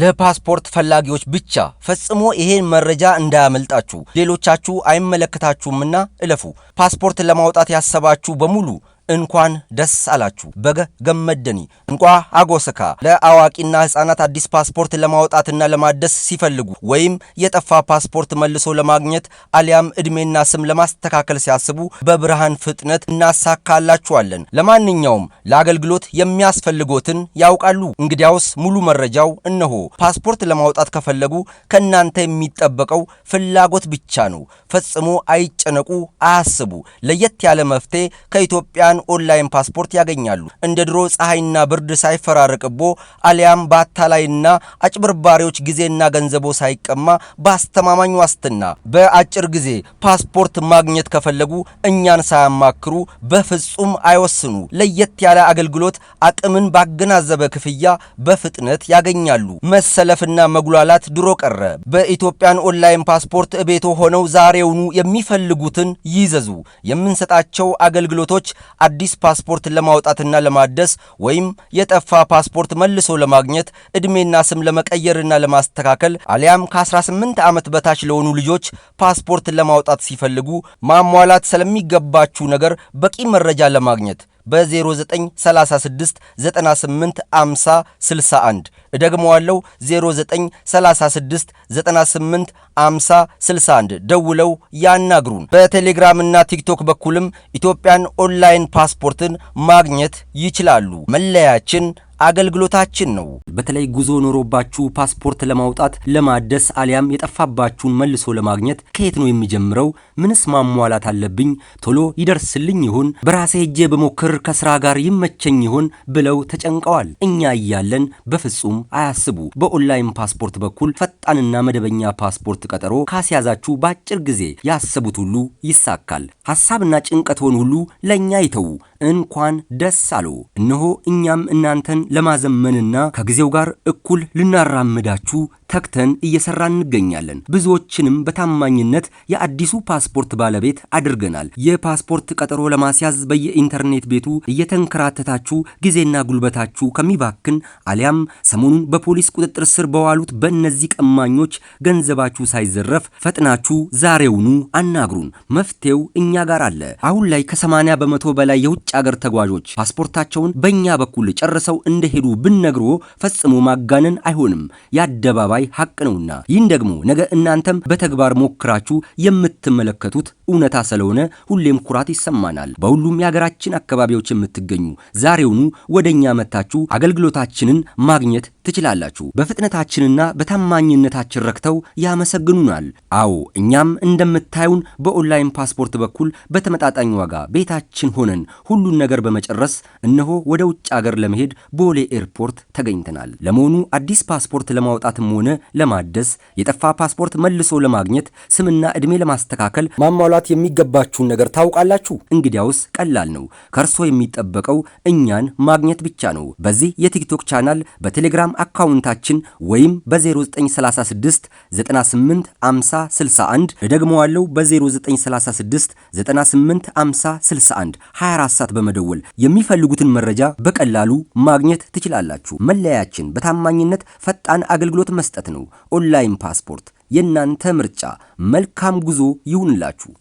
ለፓስፖርት ፈላጊዎች ብቻ ፈጽሞ ይሄን መረጃ እንዳያመልጣችሁ። ሌሎቻችሁ አይመለከታችሁምና እለፉ። ፓስፖርት ለማውጣት ያሰባችሁ በሙሉ እንኳን ደስ አላችሁ። በገ ገመደኒ እንኳ አጎሰካ ለአዋቂና ህጻናት አዲስ ፓስፖርት ለማውጣትና ለማደስ ሲፈልጉ ወይም የጠፋ ፓስፖርት መልሶ ለማግኘት አሊያም እድሜና ስም ለማስተካከል ሲያስቡ በብርሃን ፍጥነት እናሳካላችኋለን። ለማንኛውም ለአገልግሎት የሚያስፈልጎትን ያውቃሉ። እንግዲያውስ ሙሉ መረጃው እነሆ። ፓስፖርት ለማውጣት ከፈለጉ ከእናንተ የሚጠበቀው ፍላጎት ብቻ ነው። ፈጽሞ አይጨነቁ፣ አያስቡ። ለየት ያለ መፍትሄ ከኢትዮጵያን ኦንላይን ፓስፖርት ያገኛሉ። እንደ ድሮ ፀሐይና ብርድ ሳይፈራረቅቦ አሊያም በአታላይና አጭበርባሪዎች ጊዜና ገንዘቦ ሳይቀማ በአስተማማኝ ዋስትና በአጭር ጊዜ ፓስፖርት ማግኘት ከፈለጉ እኛን ሳያማክሩ በፍጹም አይወስኑ። ለየት ያለ አገልግሎት አቅምን ባገናዘበ ክፍያ በፍጥነት ያገኛሉ። መሰለፍና መጉላላት ድሮ ቀረ። በኢትዮጵያን ኦንላይን ፓስፖርት እቤቶ ሆነው ዛሬውኑ የሚፈልጉትን ይዘዙ። የምንሰጣቸው አገልግሎቶች አዲስ ፓስፖርት ለማውጣትና ለማደስ ወይም የጠፋ ፓስፖርት መልሶ ለማግኘት ዕድሜና ስም ለመቀየርና ለማስተካከል አሊያም ከ18 ዓመት በታች ለሆኑ ልጆች ፓስፖርት ለማውጣት ሲፈልጉ ማሟላት ስለሚገባችሁ ነገር በቂ መረጃ ለማግኘት በ0936 98 50 61 እደግመዋለሁ 0936 ደውለው ያናግሩን። በቴሌግራምና ቲክቶክ በኩልም ኢትዮጵያን ኦንላይን ፓስፖርትን ማግኘት ይችላሉ። መለያችን አገልግሎታችን ነው። በተለይ ጉዞ ኖሮባችሁ ፓስፖርት ለማውጣት ለማደስ አሊያም የጠፋባችሁን መልሶ ለማግኘት ከየት ነው የሚጀምረው? ምንስ ማሟላት አለብኝ? ቶሎ ይደርስልኝ ይሆን? በራሴ እጄ በሞክር ከስራ ጋር ይመቸኝ ይሆን ብለው ተጨንቀዋል። እኛ እያለን በፍጹም አያስቡ። በኦንላይን ፓስፖርት በኩል ፈጣንና መደበኛ ፓስፖርት ቀጠሮ ካስያዛችሁ በአጭር ጊዜ ያሰቡት ሁሉ ይሳካል። ሐሳብና ጭንቀትዎን ሁሉ ለእኛ ይተዉ። እንኳን ደስ አሉ። እነሆ እኛም እናንተን ለማዘመንና ከጊዜው ጋር እኩል ልናራምዳችሁ ተክተን እየሰራ እንገኛለን። ብዙዎችንም በታማኝነት የአዲሱ ፓስፖርት ባለቤት አድርገናል። የፓስፖርት ቀጠሮ ለማስያዝ በየኢንተርኔት ቤቱ እየተንከራተታችሁ ጊዜና ጉልበታችሁ ከሚባክን አሊያም ሰሞኑን በፖሊስ ቁጥጥር ስር በዋሉት በእነዚህ ቀማኞች ገንዘባችሁ ሳይዘረፍ ፈጥናችሁ ዛሬውኑ አናግሩን። መፍትሄው እኛ ጋር አለ። አሁን ላይ ከ80 በመቶ በላይ የውጭ አገር ተጓዦች ፓስፖርታቸውን በእኛ በኩል ጨርሰው እንደሄዱ ብንነግሮ ፈጽሞ ማጋነን አይሆንም፣ የአደባባይ ሀቅ ነውና። ይህን ደግሞ ነገ እናንተም በተግባር ሞክራችሁ የምትመለከቱት እውነታ ስለሆነ ሁሌም ኩራት ይሰማናል። በሁሉም የሀገራችን አካባቢዎች የምትገኙ ዛሬውኑ ወደ እኛ መታችሁ አገልግሎታችንን ማግኘት ትችላላችሁ። በፍጥነታችንና በታማኝነታችን ረክተው ያመሰግኑናል። አዎ እኛም እንደምታዩን በኦንላይን ፓስፖርት በኩል በተመጣጣኝ ዋጋ ቤታችን ሆነን ሁሉን ነገር በመጨረስ እነሆ ወደ ውጭ አገር ለመሄድ በ ቦሌ ኤርፖርት ተገኝተናል። ለመሆኑ አዲስ ፓስፖርት ለማውጣትም ሆነ ለማደስ፣ የጠፋ ፓስፖርት መልሶ ለማግኘት፣ ስምና ዕድሜ ለማስተካከል ማሟላት የሚገባችሁን ነገር ታውቃላችሁ? እንግዲያውስ ቀላል ነው። ከእርሶ የሚጠበቀው እኛን ማግኘት ብቻ ነው። በዚህ የቲክቶክ ቻናል፣ በቴሌግራም አካውንታችን ወይም በ0936 98 50 61 እደግመዋለሁ፣ በ0936 98 50 61 24 ሰዓት በመደወል የሚፈልጉትን መረጃ በቀላሉ ማግኘት ማግኘት ትችላላችሁ። መለያችን በታማኝነት ፈጣን አገልግሎት መስጠት ነው። ኦንላይን ፓስፖርት የእናንተ ምርጫ። መልካም ጉዞ ይሁንላችሁ።